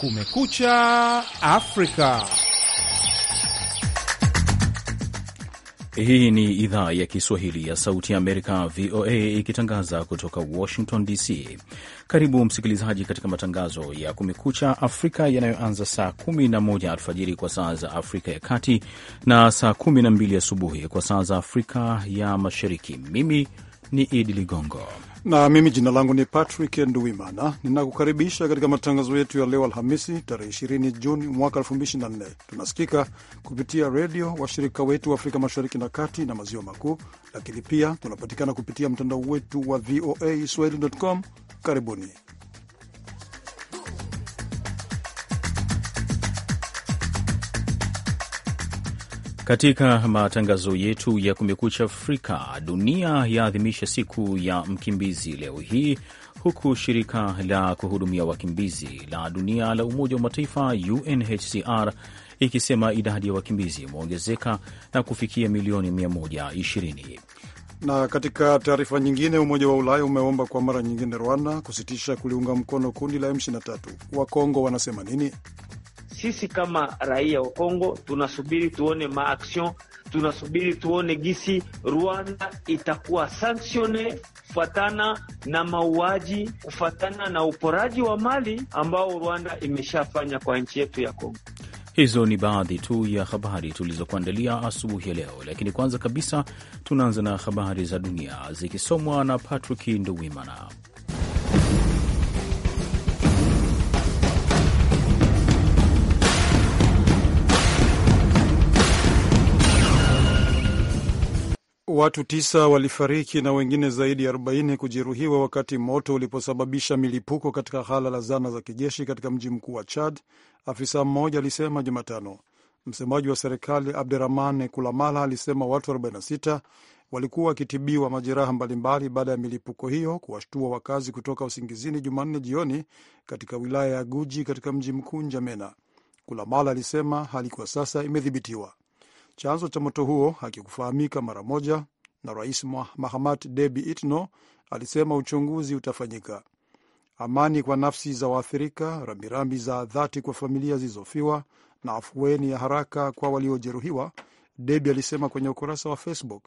Kumekucha Afrika. Hii ni idhaa ya Kiswahili ya Sauti ya Amerika, VOA, ikitangaza kutoka Washington DC. Karibu msikilizaji, katika matangazo ya Kumekucha Afrika yanayoanza saa 11 alfajiri kwa saa za Afrika ya Kati na saa 12 asubuhi kwa saa za Afrika ya Mashariki. Mimi ni Idi Ligongo na mimi jina langu ni Patrick Nduwimana, ninakukaribisha katika matangazo yetu ya leo Alhamisi tarehe 20 Juni mwaka 2024. Tunasikika kupitia redio washirika wetu wa Afrika Mashariki na Kati na Maziwa Makuu, lakini pia tunapatikana kupitia mtandao wetu wa VOA swahili.com. Karibuni. Katika matangazo yetu ya Kumekucha Afrika, dunia yaadhimisha siku ya mkimbizi leo hii huku shirika la kuhudumia wakimbizi la dunia la Umoja wa Mataifa UNHCR ikisema idadi ya wakimbizi imeongezeka na kufikia milioni 120. Na katika taarifa nyingine, Umoja wa Ulaya umeomba kwa mara nyingine Rwanda kusitisha kuliunga mkono kundi la M23. Wakongo wanasema nini? sisi kama raia wa Kongo tunasubiri tuone maaction, tunasubiri tuone gisi Rwanda itakuwa sanctione kufatana na mauaji, kufatana na uporaji wa mali ambao Rwanda imeshafanya kwa nchi yetu ya Kongo. Hizo ni baadhi tu ya habari tulizokuandalia asubuhi ya leo, lakini kwanza kabisa tunaanza na habari za dunia zikisomwa na Patrick Nduwimana. watu tisa walifariki na wengine zaidi ya 40 kujeruhiwa wakati moto uliposababisha milipuko katika ghala la zana za kijeshi katika mji mkuu wa Chad, afisa mmoja alisema Jumatano. Msemaji wa serikali abdurahman Kulamala alisema watu 46 walikuwa wakitibiwa majeraha mbalimbali baada ya milipuko hiyo kuwashtua wakazi kutoka usingizini Jumanne jioni katika wilaya ya Guji katika mji mkuu Njamena. Kulamala alisema hali kwa sasa imedhibitiwa. Chanzo cha moto huo hakikufahamika mara moja, na rais Mahamat Debi Itno alisema uchunguzi utafanyika. Amani kwa nafsi za waathirika, rambirambi za dhati kwa familia zilizofiwa na afueni ya haraka kwa waliojeruhiwa, Debi alisema kwenye ukurasa wa Facebook.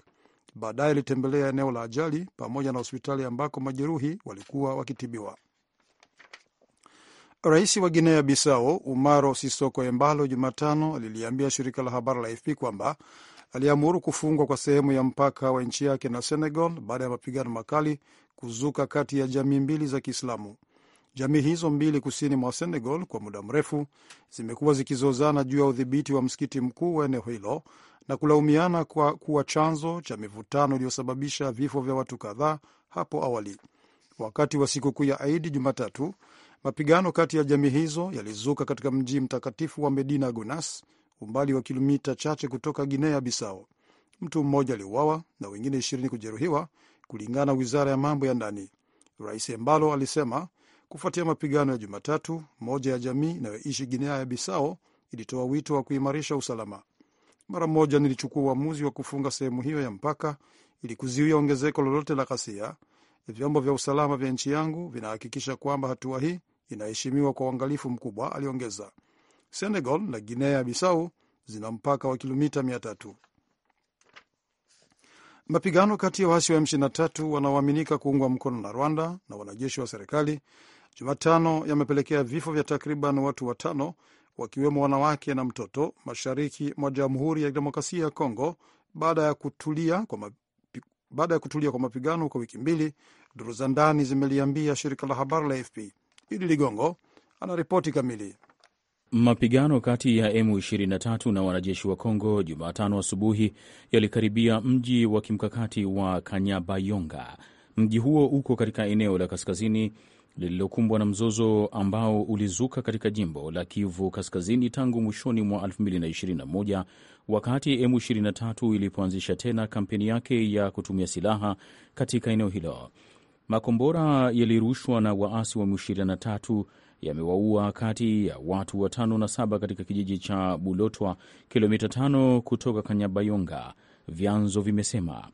Baadaye alitembelea eneo la ajali pamoja na hospitali ambako majeruhi walikuwa wakitibiwa. Rais wa Guinea Bissau Umaro Sisoko Embalo Jumatano aliliambia shirika la habari la AFP kwamba aliamuru kufungwa kwa sehemu ya mpaka wa nchi yake na Senegal baada ya mapigano makali kuzuka kati ya jamii mbili za Kiislamu. Jamii hizo mbili kusini mwa Senegal kwa muda mrefu zimekuwa zikizozana juu ya udhibiti wa msikiti mkuu wa eneo hilo na kulaumiana kwa kuwa chanzo cha mivutano iliyosababisha vifo vya watu kadhaa hapo awali. Wakati wa sikukuu ya Aidi Jumatatu, Mapigano kati ya jamii hizo yalizuka katika mji mtakatifu wa Medina Gonas, umbali wa kilomita chache kutoka Guinea Bissau. Mtu mmoja aliuawa na wengine ishirini kujeruhiwa, kulingana na wizara ya mambo ya ndani. Rais Embalo alisema kufuatia mapigano ya Jumatatu, moja ya jamii inayoishi Guinea ya Bissau ilitoa wito wa kuimarisha usalama. Mara moja nilichukua uamuzi wa kufunga sehemu hiyo ya mpaka ili kuzuia ongezeko lolote la ghasia. Vyombo vya usalama vya nchi yangu vinahakikisha kwamba hatua hii inaheshimiwa kwa uangalifu mkubwa, aliongeza. Senegal na Guinea Bissau zina mpaka wa kilomita mia tatu. Mapigano kati ya waasi wa M23 wanaoaminika kuungwa mkono na Rwanda na wanajeshi wa serikali Jumatano yamepelekea vifo vya takriban watu watano wakiwemo wanawake na mtoto mashariki mwa Jamhuri ya Kidemokrasia ya Kongo baada ya kutulia kwa mapi, baada ya kutulia kwa mapigano kwa wiki mbili, duru za ndani zimeliambia shirika la habari la AFP. Idi Ligongo anaripoti kamili. Mapigano kati ya M23 na wanajeshi wa Kongo Jumatano asubuhi yalikaribia mji wa kimkakati wa Kanyabayonga. Mji huo uko katika eneo la kaskazini lililokumbwa na mzozo ambao ulizuka katika jimbo la Kivu Kaskazini tangu mwishoni mwa 2021 wakati M23 ilipoanzisha tena kampeni yake ya kutumia silaha katika eneo hilo. Makombora yaliyorushwa na waasi wa M23 yamewaua kati ya watu watano na saba katika kijiji cha Bulotwa, kilomita tano kutoka Kanyabayonga, vyanzo vimesema.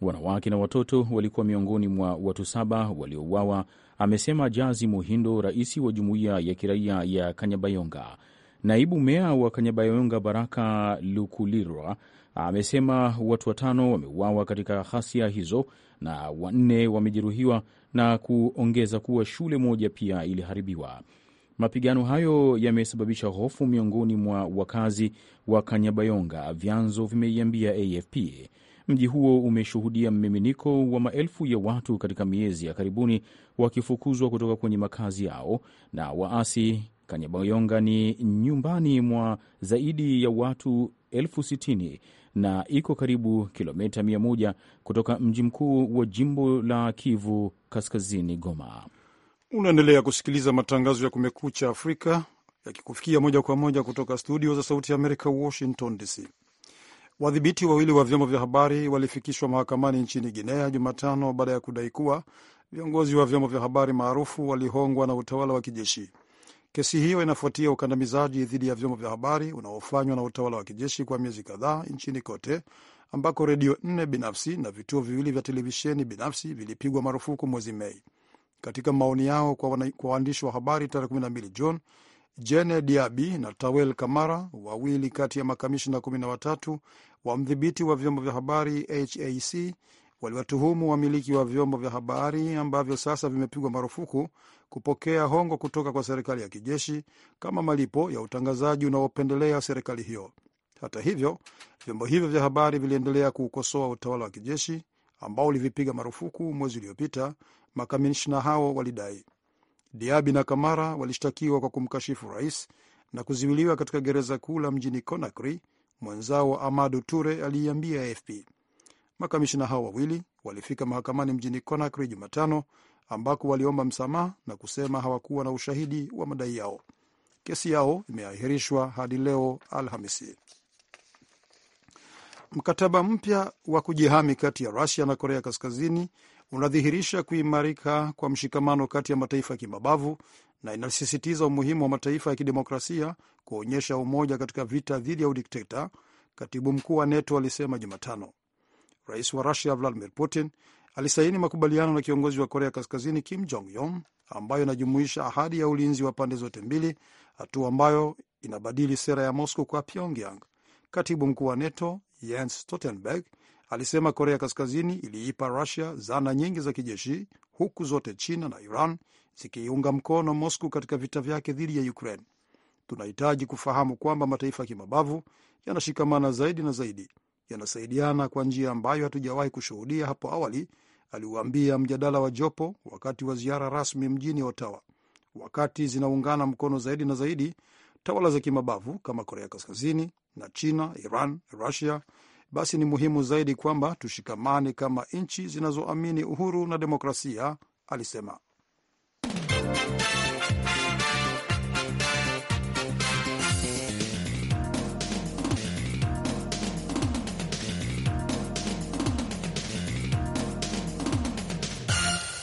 Wanawake na watoto walikuwa miongoni mwa watu saba waliouawa, amesema Jazi Muhindo, rais wa jumuiya ya kiraia ya Kanyabayonga. Naibu meya wa Kanyabayonga Baraka Lukulirwa amesema watu watano wameuawa katika ghasia hizo na wanne wamejeruhiwa na kuongeza kuwa shule moja pia iliharibiwa. Mapigano hayo yamesababisha hofu miongoni mwa wakazi wa Kanyabayonga, vyanzo vimeiambia AFP. Mji huo umeshuhudia mmiminiko wa maelfu ya watu katika miezi ya karibuni, wakifukuzwa kutoka kwenye makazi yao na waasi. Kanyabayonga ni nyumbani mwa zaidi ya watu elfu sitini na iko karibu kilomita 1 kutoka mji mkuu wa jimbo la Kivu Kaskazini, Goma. Unaendelea kusikiliza matangazo ya Kumekucha Afrika yakikufikia moja kwa moja kutoka studio za Sauti ya Amerika, Washington DC. Wadhibiti wawili wa vyombo vya habari walifikishwa mahakamani nchini Guinea Jumatano baada ya kudai kuwa viongozi wa vyombo vya habari maarufu walihongwa na utawala wa kijeshi. Kesi hiyo inafuatia ukandamizaji dhidi ya vyombo vya habari unaofanywa na utawala wa kijeshi kwa miezi kadhaa nchini kote, ambako redio nne binafsi na vituo viwili vya televisheni binafsi vilipigwa marufuku mwezi Mei. Katika maoni yao kwa waandishi wa habari tarehe 12 Juni, Jene Diabi na Tawel Kamara, wawili kati ya makamishna watatu wa mdhibiti wa vyombo vya habari HAC, waliwatuhumu wamiliki wa vyombo vya habari ambavyo sasa vimepigwa marufuku kupokea hongo kutoka kwa serikali ya kijeshi kama malipo ya utangazaji unaopendelea serikali hiyo. Hata hivyo, vyombo hivyo vya habari viliendelea kuukosoa utawala wa kijeshi ambao ulivipiga marufuku mwezi uliopita, makamishna hao walidai. Diabi na Kamara walishtakiwa kwa kumkashifu rais na kuziwiliwa katika gereza kuu la mjini Conakry, mwenzao wa Amadu Ture aliiambia AFP. Makamishina hao wawili walifika mahakamani mjini Conakry Jumatano, ambako waliomba msamaha na kusema hawakuwa na ushahidi wa madai yao. Kesi yao imeahirishwa hadi leo Alhamisi. Mkataba mpya wa kujihami kati ya Rusia na Korea Kaskazini unadhihirisha kuimarika kwa mshikamano kati ya mataifa ya kimabavu na inasisitiza umuhimu wa mataifa ya kidemokrasia kuonyesha umoja katika vita dhidi ya udikteta, katibu mkuu wa NATO alisema Jumatano. Rais wa Rusia Vladimir Putin alisaini makubaliano na kiongozi wa Korea Kaskazini Kim Jong Un ambayo inajumuisha ahadi ya ulinzi wa pande zote mbili, hatua ambayo inabadili sera ya Moscow kwa Pyongyang. Katibu mkuu wa NATO Jens Stoltenberg alisema Korea Kaskazini iliipa Rusia zana nyingi za kijeshi, huku zote China na Iran zikiiunga mkono Moscow katika vita vyake dhidi ya Ukraine. Tunahitaji kufahamu kwamba mataifa ya kimabavu yanashikamana zaidi na zaidi, yanasaidiana kwa njia ambayo hatujawahi kushuhudia hapo awali, aliuambia mjadala wa jopo wakati wa ziara rasmi mjini Ottawa. Wakati zinaungana mkono zaidi na zaidi tawala za kimabavu kama Korea Kaskazini na China, Iran, Rusia, basi ni muhimu zaidi kwamba tushikamane kama nchi zinazoamini uhuru na demokrasia, alisema.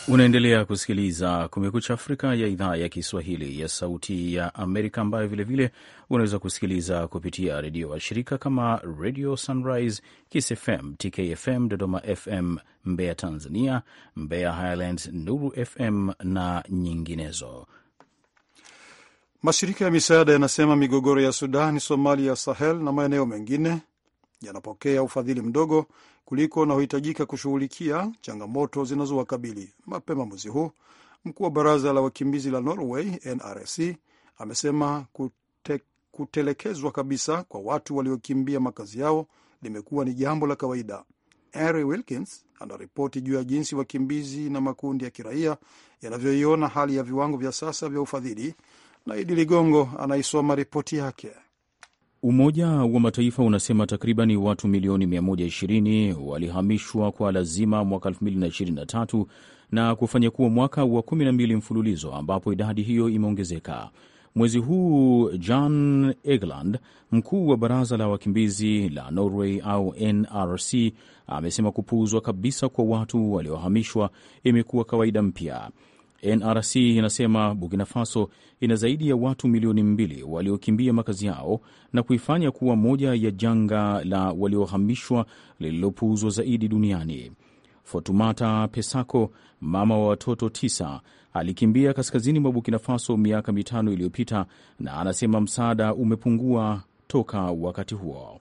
Unaendelea kusikiliza Kumekucha Afrika ya idhaa ya Kiswahili ya Sauti ya Amerika, ambayo vilevile unaweza kusikiliza kupitia redio washirika kama Radio Sunrise, Kiss FM, TKFM, Dodoma FM Mbeya Tanzania, Mbeya Highlands, Nuru FM na nyinginezo. Mashirika ya misaada yanasema migogoro ya Sudani, Somalia, Sahel na maeneo mengine yanapokea ufadhili mdogo kuliko unaohitajika kushughulikia changamoto zinazowakabili. Mapema mwezi huu mkuu wa baraza la wakimbizi la Norway NRC amesema kute, kutelekezwa kabisa kwa watu waliokimbia makazi yao limekuwa ni jambo la kawaida. Henry Wilkins anaripoti juu ya jinsi wakimbizi na makundi ya kiraia yanavyoiona hali ya viwango vya sasa vya ufadhili, na Idi Ligongo anaisoma ripoti yake. Umoja wa Mataifa unasema takribani watu milioni 120 walihamishwa kwa lazima mwaka 2023 na kufanya kuwa mwaka wa 12 mfululizo ambapo idadi hiyo imeongezeka. Mwezi huu john Egeland, mkuu wa baraza la wakimbizi la Norway au NRC, amesema kupuuzwa kabisa kwa watu waliohamishwa imekuwa kawaida mpya. NRC inasema Burkina Faso ina zaidi ya watu milioni mbili waliokimbia makazi yao na kuifanya kuwa moja ya janga la waliohamishwa lililopuuzwa zaidi duniani. Fotumata Pesako, mama wa watoto tisa, alikimbia kaskazini mwa Burkina Faso miaka mitano iliyopita na anasema msaada umepungua toka wakati huo.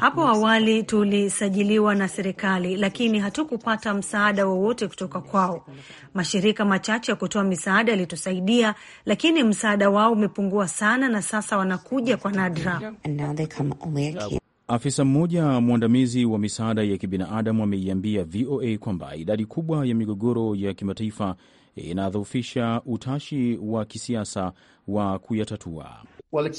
Hapo awali tulisajiliwa na serikali, lakini hatukupata msaada wowote kutoka kwao. Mashirika machache ya kutoa misaada yalitusaidia, lakini msaada wao umepungua sana, na sasa wanakuja kwa nadra. Afisa mmoja mwandamizi wa misaada ya kibinadamu ameiambia VOA kwamba idadi kubwa ya migogoro ya kimataifa inadhoofisha utashi wa kisiasa wa kuyatatua. Well,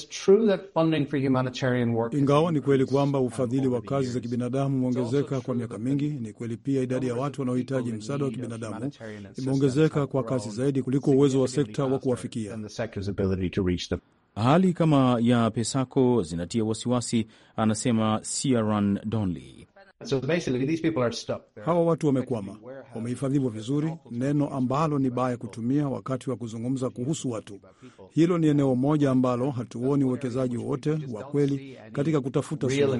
work... ingawa ni kweli kwamba ufadhili wa kazi za kibinadamu umeongezeka kwa miaka mingi, ni kweli pia idadi ya watu wanaohitaji msaada wa kibinadamu imeongezeka kwa kasi zaidi kuliko uwezo wa sekta wa kuwafikia. Hali kama ya Pesako zinatia wasiwasi, anasema Ciaran Donley. So hawa watu wamekwama, wamehifadhiwa vizuri, neno ambalo ni baya kutumia wakati wa kuzungumza kuhusu watu. Hilo ni eneo moja ambalo hatuoni uwekezaji wowote wa kweli katika kutafuta suluhu.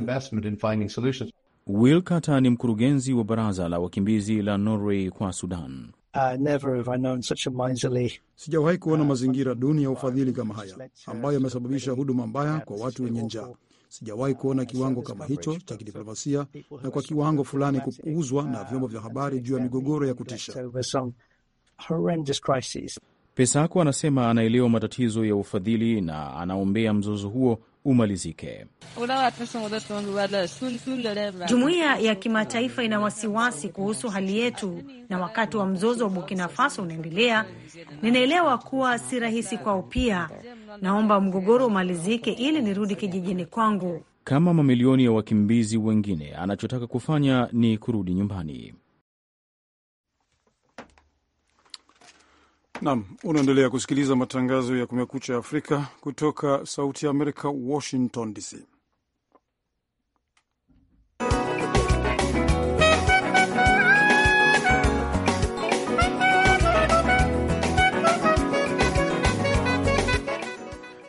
Will Carter ni mkurugenzi wa baraza la wakimbizi la Norway kwa Sudan. Uh, never have I known such a miserly... sijawahi uh, kuona mazingira duni ya ufadhili kama haya uh, ambayo yamesababisha huduma mbaya kwa watu wenye njaa. Sijawahi uh, kuona kiwango kama hicho cha kidiplomasia na kwa kiwango fulani kupuuzwa na vyombo vya habari juu ya migogoro ya kutisha. Pesako anasema anaelewa matatizo ya ufadhili na anaombea mzozo huo umalizike. Jumuiya ya kimataifa ina wasiwasi kuhusu hali yetu, na wakati wa mzozo wa Burkina Faso unaendelea, ninaelewa kuwa si rahisi kwao pia. Naomba mgogoro umalizike ili nirudi kijijini kwangu. Kama mamilioni ya wakimbizi wengine, anachotaka kufanya ni kurudi nyumbani. Nam, unaendelea kusikiliza matangazo ya Kumekucha Afrika kutoka Sauti ya Amerika, Washington DC.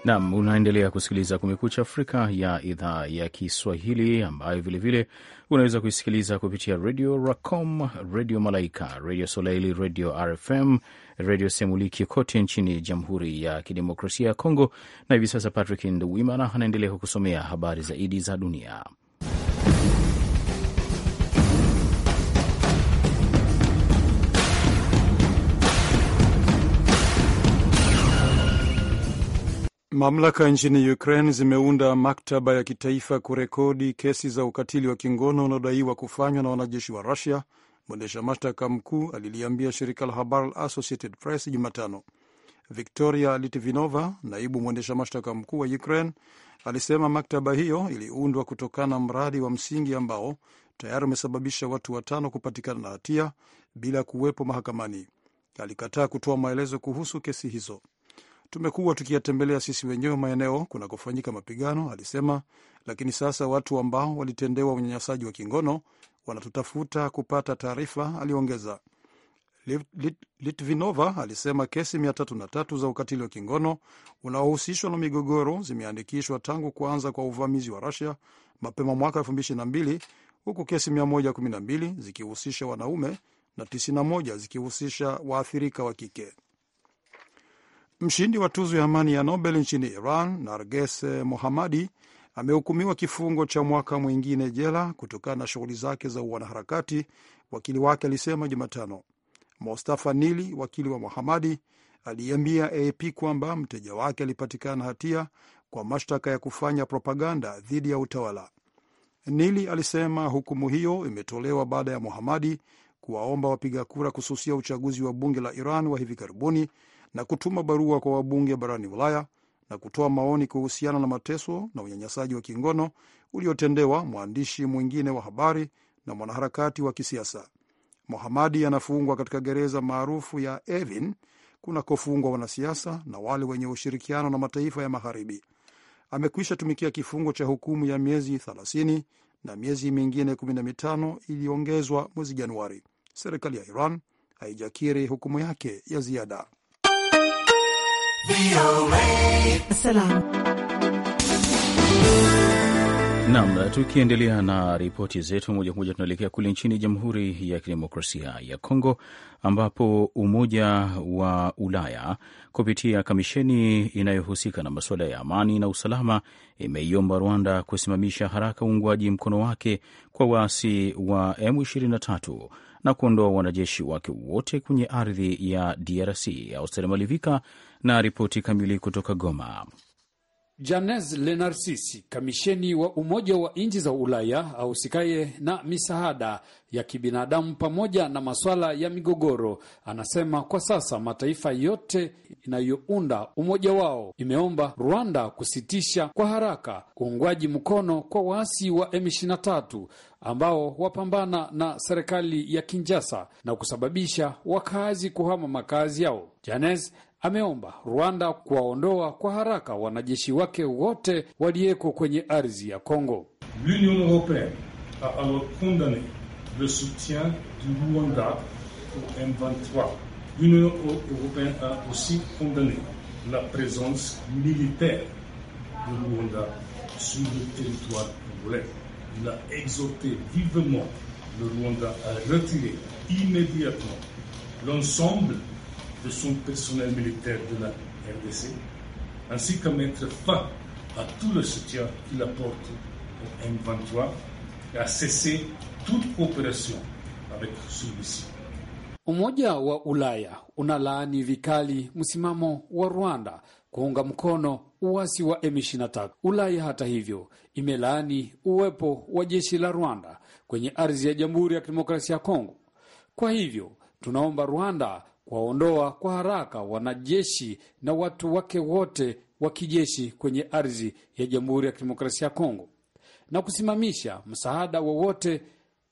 Nam, unaendelea kusikiliza Kumekucha Afrika ya idhaa ya Kiswahili, ambayo vilevile unaweza kuisikiliza kupitia Redio Racom, Redio Malaika, Redio Soleili, Redio RFM, Redio Semuliki kote nchini Jamhuri ya Kidemokrasia ya Kongo. Na hivi sasa Patrick Nduwimana anaendelea kukusomea habari zaidi za dunia. Mamlaka nchini Ukraine zimeunda maktaba ya kitaifa kurekodi kesi za ukatili wa kingono unaodaiwa kufanywa na wanajeshi wa Rusia, mwendesha mashtaka mkuu aliliambia shirika la habari la Associated Press Jumatano. Victoria Litvinova, naibu mwendesha mashtaka mkuu wa Ukraine, alisema maktaba hiyo iliundwa kutokana na mradi wa msingi ambao tayari umesababisha watu watano kupatikana na hatia bila kuwepo mahakamani. Alikataa kutoa maelezo kuhusu kesi hizo. Tumekuwa tukiyatembelea sisi wenyewe maeneo kunakofanyika mapigano, alisema. Lakini sasa watu ambao walitendewa unyanyasaji wa kingono wanatutafuta kupata taarifa, aliongeza. Litvinova alisema kesi 303 za ukatili wa kingono unaohusishwa na migogoro zimeandikishwa tangu kuanza kwa uvamizi wa Rusia mapema mwaka 2022 huku kesi 112 zikihusisha wanaume na 91 zikihusisha waathirika wa kike. Mshindi wa tuzo ya amani ya Nobel nchini Iran, Narges Mohammadi, amehukumiwa kifungo cha mwaka mwingine jela kutokana na shughuli zake za wanaharakati, wakili wake alisema Jumatano. Mostafa Nili, wakili wa Mohamadi, aliyeambia AP kwamba mteja wake alipatikana hatia kwa mashtaka ya kufanya propaganda dhidi ya utawala. Nili alisema hukumu hiyo imetolewa baada ya Mohamadi kuwaomba wapiga kura kususia uchaguzi wa bunge la Iran wa hivi karibuni na kutuma barua kwa wabunge barani Ulaya na kutoa maoni kuhusiana na mateso na unyanyasaji wa kingono uliotendewa mwandishi mwingine wa habari na mwanaharakati wa kisiasa. Mohamadi anafungwa katika gereza maarufu ya Evin kunakofungwa wanasiasa na wale wenye ushirikiano na mataifa ya Magharibi. Amekwisha tumikia kifungo cha hukumu ya miezi 30 na miezi mingine 15 iliyoongezwa mwezi Januari. Serikali ya Iran haijakiri hukumu yake ya ziada. Nam, tukiendelea na ripoti zetu moja kwa moja, tunaelekea kule nchini Jamhuri ya Kidemokrasia ya Kongo ambapo Umoja wa Ulaya kupitia kamisheni inayohusika na masuala ya amani na usalama imeiomba Rwanda kusimamisha haraka uungwaji mkono wake kwa waasi wa M23 na kuondoa wanajeshi wake wote kwenye ardhi ya DRC. Austeri Malivika na ripoti kamili kutoka Goma. Janez Lenarsisi, kamisheni wa Umoja wa Nchi za Ulaya ahusikaye na misaada ya kibinadamu pamoja na masuala ya migogoro, anasema kwa sasa mataifa yote inayounda umoja wao imeomba Rwanda kusitisha kwa haraka uungwaji mkono kwa waasi wa M23 ambao wapambana na serikali ya Kinjasa na kusababisha wakazi kuhama makazi yao. Janez L'Union européenne a alors condamné le soutien du Rwanda au M23. L'Union européenne a aussi condamné la présence militaire du Rwanda sur le territoire congolais. Il a exhorté vivement le Rwanda à retirer immédiatement l'ensemble de son personnel militaire de la RDC, ainsi qu'à mettre fin à tout le soutien qu'il apporte au M23 et à cesser toute coopération avec celui-ci. Umoja wa Ulaya unalaani vikali msimamo wa Rwanda kuunga mkono uasi wa M23. Ulaya hata hivyo imelaani uwepo wa jeshi la Rwanda kwenye ardhi ya Jamhuri ya Kidemokrasia ya Kongo. Kwa hivyo tunaomba Rwanda kuwaondoa kwa haraka wanajeshi na watu wake wote wa kijeshi kwenye ardhi ya Jamhuri ya Kidemokrasia ya Kongo na kusimamisha msaada wowote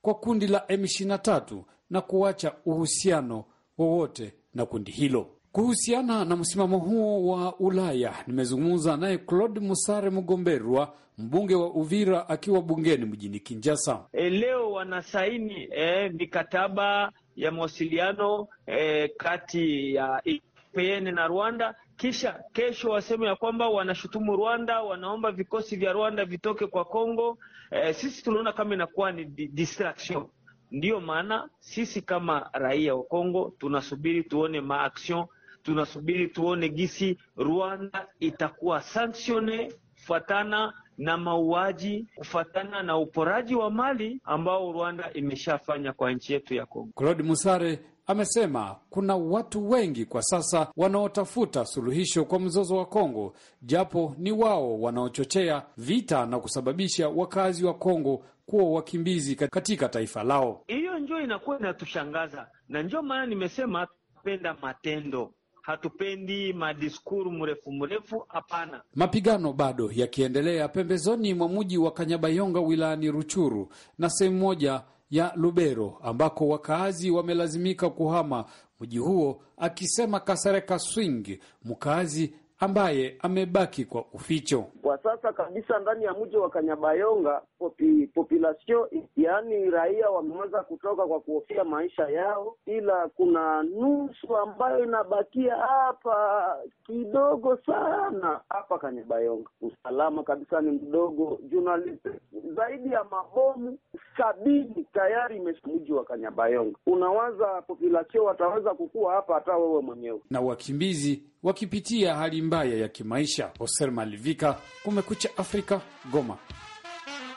kwa kundi la M23 na kuacha uhusiano wowote na kundi hilo. Kuhusiana na msimamo huo wa Ulaya, nimezungumza naye Claude Musare Mgomberwa, mbunge wa Uvira, akiwa bungeni mjini kinjasa E, eh, leo wanasaini e, mikataba ya mawasiliano eh, kati ya UPN na Rwanda, kisha kesho waseme ya kwamba wanashutumu Rwanda, wanaomba vikosi vya Rwanda vitoke kwa Kongo. Eh, sisi tunaona kama inakuwa ni distraction. Ndiyo maana sisi kama raia wa Kongo tunasubiri tuone maaction, tunasubiri tuone gisi Rwanda itakuwa sanctione kufuatana na mauaji, kufuatana na uporaji wa mali ambao Rwanda imeshafanya kwa nchi yetu ya Kongo. Claude Musare amesema kuna watu wengi kwa sasa wanaotafuta suluhisho kwa mzozo wa Kongo, japo ni wao wanaochochea vita na kusababisha wakazi wa Kongo kuwa wakimbizi katika taifa lao. Hiyo njo inakuwa inatushangaza, na njo maana nimesema penda matendo hatupendi madiskuru mrefu mrefu, hapana. Mapigano bado yakiendelea pembezoni mwa mji wa Kanyabayonga wilayani Ruchuru na sehemu moja ya Lubero ambako wakaazi wamelazimika kuhama mji huo, akisema Kasereka Swing, mkaazi ambaye amebaki kwa uficho kwa sasa kabisa ndani ya mji wa Kanyabayonga. Popi, populasio yaani raia wameweza kutoka kwa kuhofia maisha yao, ila kuna nusu ambayo inabakia hapa kidogo sana hapa Kanyabayonga. Usalama kabisa ni mdogo. Journalist zaidi ya mabomu sabini tayari imesha mji wa Kanyabayonga. Unawaza populasio wataweza kukua hapa hata wewe mwenyewe na wakimbizi wakipitia hali mbaya ya kimaisha. Hoser Malivika, Kumekucha Afrika, Goma.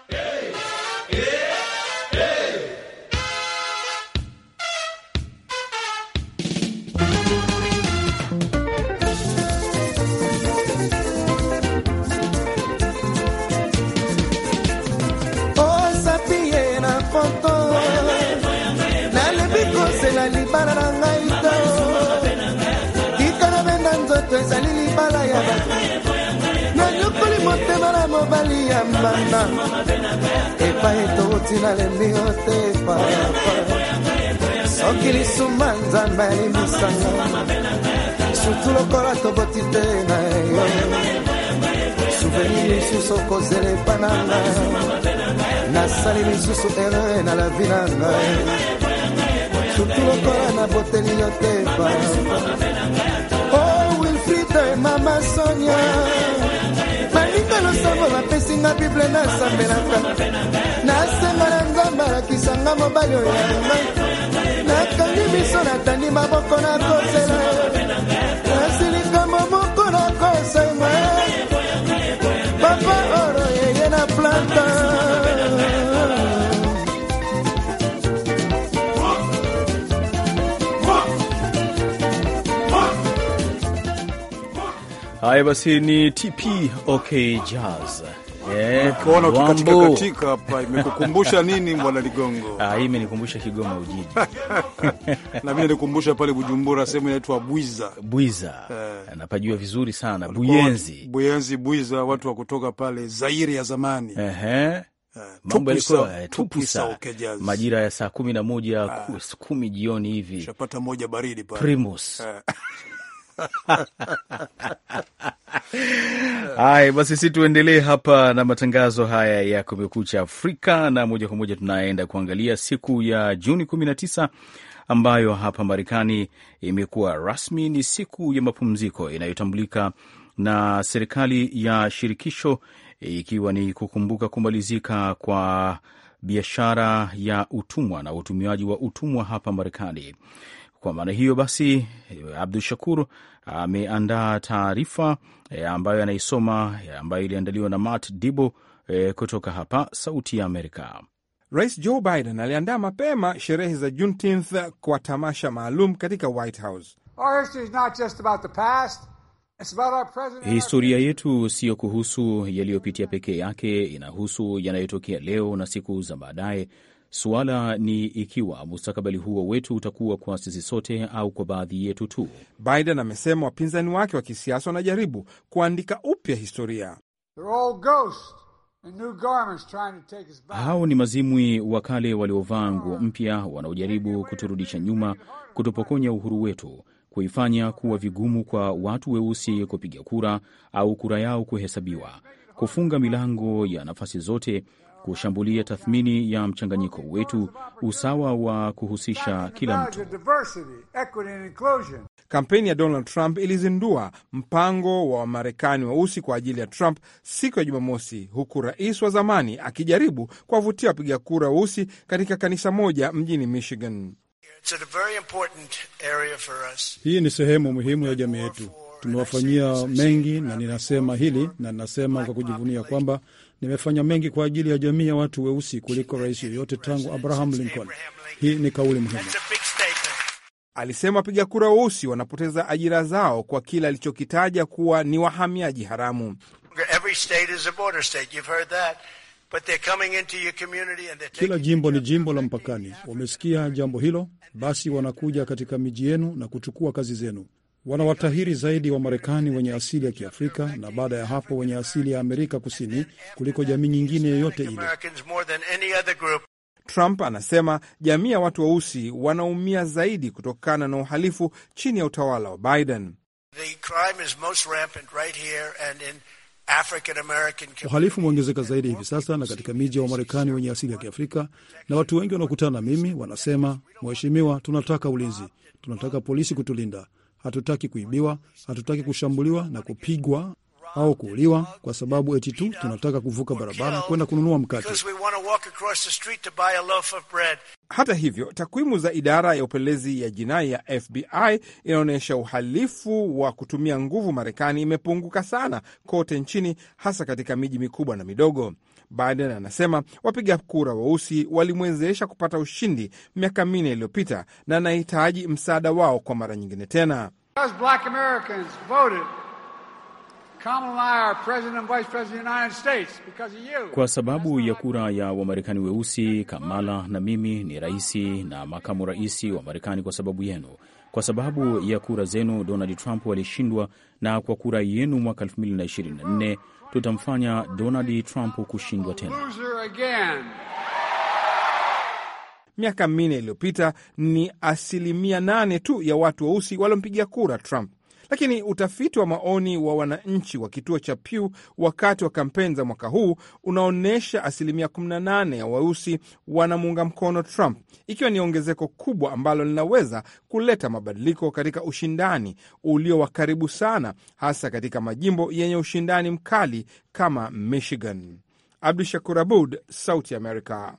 Hey, hey. Para mobali ya mbanda epai tokotina lembi yo te papa soki lisuma nzambe ayebisanga sutu lokola toboti te na yo suveni lisusu okozela epa na ngai nasali lisusu erreur na lavi na ngai sutu lokola naboteli yo te papa o oh, wilfride mama sonia lelo sango bapesinga bible nasambelaka nasenga na nzambe alakisanga mobali oyo yanga nakangi miso natandi maboko nakosela nasi likambo moko nakosema Haya basi, ni TP OK Jazz kuona yeah, ukikatika hapa imekukumbusha nini bwana Ligongo? Ah, hii imenikumbusha Kigoma Ujiji na mimi nikumbusha pale Bujumbura sehemu inaitwa Bwiza Bwiza eh, napajua vizuri sana Buyenzi Buyenzi Bwiza, watu wa kutoka pale Zairi ya zamani eh, mambo yalikuwa eh, tupisa majira ya saa kumi na moja ah. kumi jioni hivi, shapata moja baridi pale Primus eh. Haya basi, si tuendelee hapa na matangazo haya ya Kumekucha Afrika, na moja kwa moja tunaenda kuangalia siku ya Juni 19 ambayo hapa Marekani imekuwa rasmi ni siku ya mapumziko inayotambulika na serikali ya shirikisho, ikiwa ni kukumbuka kumalizika kwa biashara ya utumwa na utumiaji wa utumwa hapa Marekani. Kwa maana hiyo basi, eh, Abdu Shakur ameandaa taarifa e, ambayo anaisoma e, ambayo iliandaliwa na Matt Dibo e, kutoka hapa Sauti ya Amerika. Rais Joe Biden aliandaa mapema sherehe za Juneteenth kwa tamasha maalum katika White House. Historia yetu siyo kuhusu yaliyopitia pekee yake, inahusu yanayotokea leo na siku za baadaye. Suala ni ikiwa mustakabali huo wetu utakuwa kwa sisi sote au kwa baadhi yetu tu. Biden amesema wapinzani wake wa kisiasa wanajaribu kuandika upya historia. Hao ni mazimwi wa kale waliovaa nguo mpya, wanaojaribu kuturudisha nyuma, kutupokonya uhuru wetu, kuifanya kuwa vigumu kwa watu weusi kupiga kura au kura yao kuhesabiwa, kufunga milango ya nafasi zote kushambulia tathmini ya mchanganyiko wetu, usawa wa kuhusisha kila mtu. Kampeni ya Donald Trump ilizindua mpango wa Wamarekani weusi kwa ajili ya Trump siku ya Jumamosi, huku rais wa zamani akijaribu kuwavutia wapiga kura weusi katika kanisa moja mjini Michigan. Hii ni sehemu muhimu ya jamii yetu, tumewafanyia mengi, na ninasema hili na ninasema kwa kujivunia kwamba nimefanya mengi kwa ajili ya jamii ya watu weusi kuliko rais yoyote tangu Abraham Lincoln. Hii ni kauli muhimu, alisema. Wapiga kura weusi wanapoteza ajira zao kwa kile alichokitaja kuwa ni wahamiaji haramu. Kila jimbo ni jimbo la mpakani. Wamesikia jambo hilo, basi wanakuja katika miji yenu na kuchukua kazi zenu wanawatahiri zaidi wa Marekani wenye asili ya Kiafrika na baada ya hapo wenye asili ya Amerika Kusini kuliko jamii nyingine yoyote ile. Trump anasema jamii ya watu weusi wa wanaumia zaidi kutokana na uhalifu chini ya utawala wa Biden. Uhalifu umeongezeka zaidi hivi sasa na katika miji ya Wamarekani wenye asili ya Kiafrika, na watu wengi wanaokutana na mimi wanasema, Mheshimiwa, tunataka ulinzi, tunataka polisi kutulinda Hatutaki kuibiwa, hatutaki kushambuliwa na kupigwa au kuuliwa, kwa sababu eti tu tunataka kuvuka barabara kwenda kununua mkate. Hata hivyo, takwimu za idara ya upelelezi ya jinai ya FBI inaonyesha uhalifu wa kutumia nguvu Marekani imepunguka sana kote nchini, hasa katika miji mikubwa na midogo. Biden anasema wapiga kura weusi walimwezesha kupata ushindi miaka minne iliyopita na anahitaji msaada wao kwa mara nyingine tena. Kwa sababu ya kura ya Wamarekani weusi, Kamala na mimi ni raisi na makamu raisi wa Marekani kwa sababu yenu. Kwa sababu ya kura zenu Donald Trump alishindwa, na kwa kura yenu mwaka 2024 tutamfanya Donald Trump kushindwa tena. Miaka minne iliyopita ni asilimia nane tu ya watu weusi wa walompigia kura Trump. Lakini utafiti wa maoni wa wananchi wa kituo cha Pew wakati wa kampeni za mwaka huu unaonyesha asilimia 18 ya weusi wanamuunga mkono Trump, ikiwa ni ongezeko kubwa ambalo linaweza kuleta mabadiliko katika ushindani ulio wa karibu sana, hasa katika majimbo yenye ushindani mkali kama Michigan. Abdu Shakur Abud, Sauti america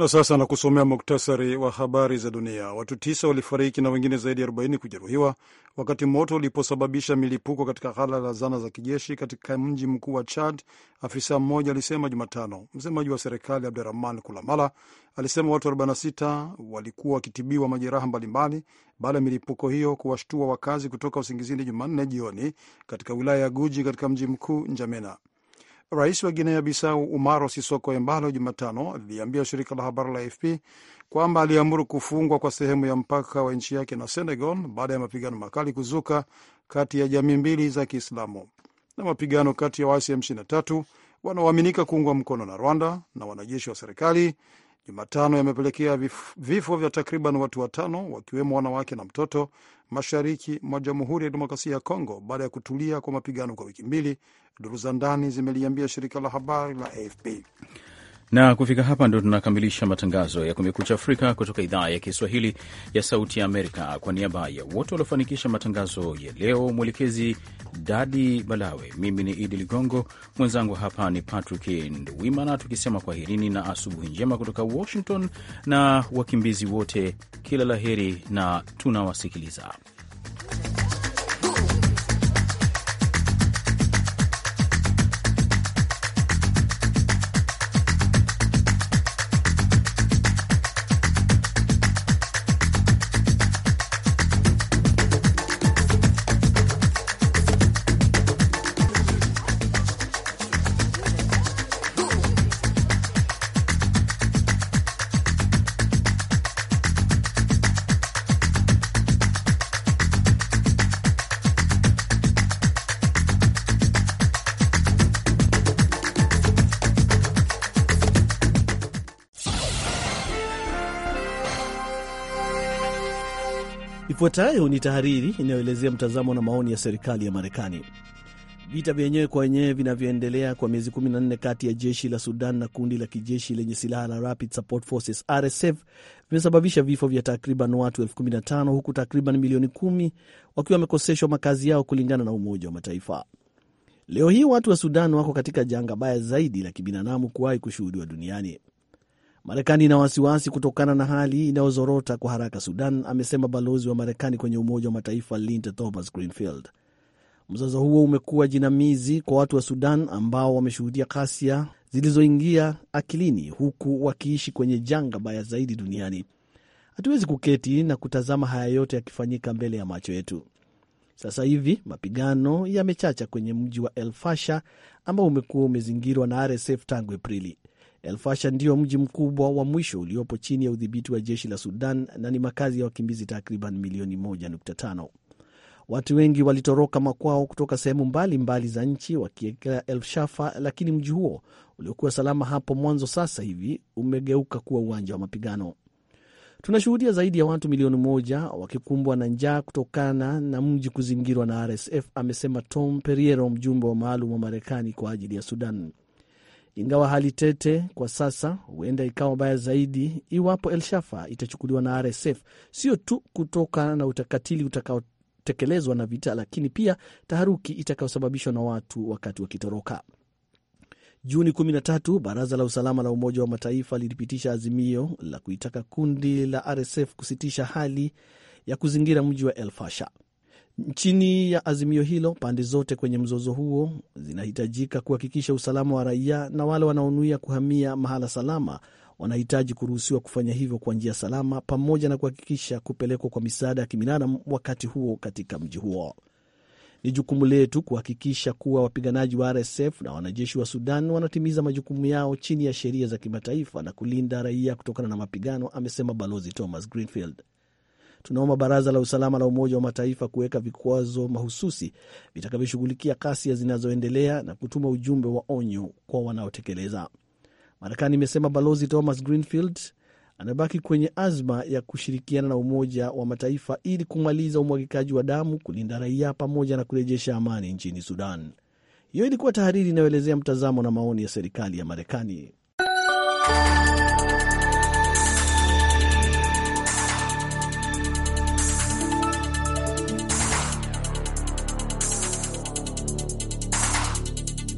Na sasa na kusomea muktasari wa habari za dunia. Watu tisa walifariki na wengine zaidi ya 40 kujeruhiwa wakati moto uliposababisha milipuko katika ghala la zana za kijeshi katika mji mkuu wa Chad, afisa mmoja alisema Jumatano. Msemaji wa serikali Abdurahman Kulamala alisema watu 46 walikuwa wakitibiwa majeraha mbalimbali baada ya milipuko hiyo kuwashtua wakazi kutoka usingizini Jumanne jioni katika wilaya ya Guji katika mji mkuu Njamena. Rais wa Guinea bisau Umaro Sisoko Embalo Jumatano aliliambia shirika la habari la AFP kwamba aliamuru kufungwa kwa sehemu ya mpaka wa nchi yake na Senegal baada ya mapigano makali kuzuka kati ya jamii mbili za Kiislamu na mapigano kati ya waasi M23 wanaoaminika kuungwa mkono na Rwanda na wanajeshi wa serikali Jumatano yamepelekea vifo vya takriban watu watano wakiwemo wanawake na mtoto mashariki mwa Jamhuri ya Demokrasia ya Kongo baada ya kutulia kwa mapigano kwa wiki mbili, duru za ndani zimeliambia shirika la habari la AFP. Na kufika hapa ndo tunakamilisha matangazo ya Kumekucha Afrika kutoka idhaa ya Kiswahili ya Sauti ya Amerika. Kwa niaba ya wote waliofanikisha matangazo ya leo, mwelekezi Dadi Balawe, mimi ni Idi Ligongo, mwenzangu hapa ni Patrick ndwimana tukisema kwaherini na asubuhi njema kutoka Washington, na wakimbizi wote kila laheri, na tunawasikiliza. Ifuatayo ni tahariri inayoelezea mtazamo na maoni ya serikali ya Marekani. Vita vyenyewe kwa wenyewe vinavyoendelea kwa miezi 14 kati ya jeshi la Sudan na kundi la kijeshi lenye silaha la Rapid Support Forces RSF vimesababisha vifo vya takriban watu 15 huku takriban milioni kumi wakiwa wamekoseshwa makazi yao kulingana na Umoja wa Mataifa. Leo hii watu wa Sudan wako katika janga baya zaidi la kibinadamu kuwahi kushuhudiwa duniani. Marekani ina wasiwasi kutokana na hali inayozorota kwa haraka Sudan, amesema balozi wa Marekani kwenye Umoja wa Mataifa lint Thomas Greenfield. Mzozo huo umekuwa jinamizi kwa watu wa Sudan ambao wameshuhudia ghasia zilizoingia akilini, huku wakiishi kwenye janga baya zaidi duniani. Hatuwezi kuketi na kutazama haya yote yakifanyika mbele ya macho yetu. Sasa hivi mapigano yamechacha kwenye mji wa El ambao umekuwa umezingirwa na RSF tangu Aprili. Elfasha ndio mji mkubwa wa mwisho uliopo chini ya udhibiti wa jeshi la Sudan na ni makazi ya wakimbizi takriban milioni 1.5. Watu wengi walitoroka makwao kutoka sehemu mbalimbali za nchi wakielekea El Shafa, lakini mji huo uliokuwa salama hapo mwanzo sasa hivi umegeuka kuwa uwanja wa mapigano. Tunashuhudia zaidi ya watu milioni moja wakikumbwa na njaa kutokana na mji kuzingirwa na RSF, amesema Tom Periero, mjumbe wa maalum wa Marekani kwa ajili ya Sudan. Ingawa hali tete kwa sasa, huenda ikawa mbaya zaidi iwapo El Shafa itachukuliwa na RSF, sio tu kutoka na utakatili utakaotekelezwa na vita, lakini pia taharuki itakayosababishwa na watu wakati wakitoroka. Juni 13 baraza la usalama la Umoja wa Mataifa lilipitisha azimio la kuitaka kundi la RSF kusitisha hali ya kuzingira mji wa El Chini ya azimio hilo, pande zote kwenye mzozo huo zinahitajika kuhakikisha usalama wa raia na wale wanaonuia kuhamia mahala salama wanahitaji kuruhusiwa kufanya hivyo kwa njia salama, pamoja na kuhakikisha kupelekwa kwa misaada ya kibinadamu wakati huo katika mji huo. Ni jukumu letu kuhakikisha kuwa wapiganaji wa RSF na wanajeshi wa Sudan wanatimiza majukumu yao chini ya sheria za kimataifa na kulinda raia kutokana na mapigano, amesema Balozi Thomas Greenfield. Tunaomba Baraza la Usalama la Umoja wa Mataifa kuweka vikwazo mahususi vitakavyoshughulikia ghasia zinazoendelea na kutuma ujumbe wa onyo kwa wanaotekeleza. Marekani imesema Balozi Thomas Greenfield anabaki kwenye azma ya kushirikiana na Umoja wa Mataifa ili kumaliza umwagikaji wa damu, kulinda raia pamoja na kurejesha amani nchini Sudan. Hiyo ilikuwa tahariri inayoelezea mtazamo na maoni ya serikali ya Marekani.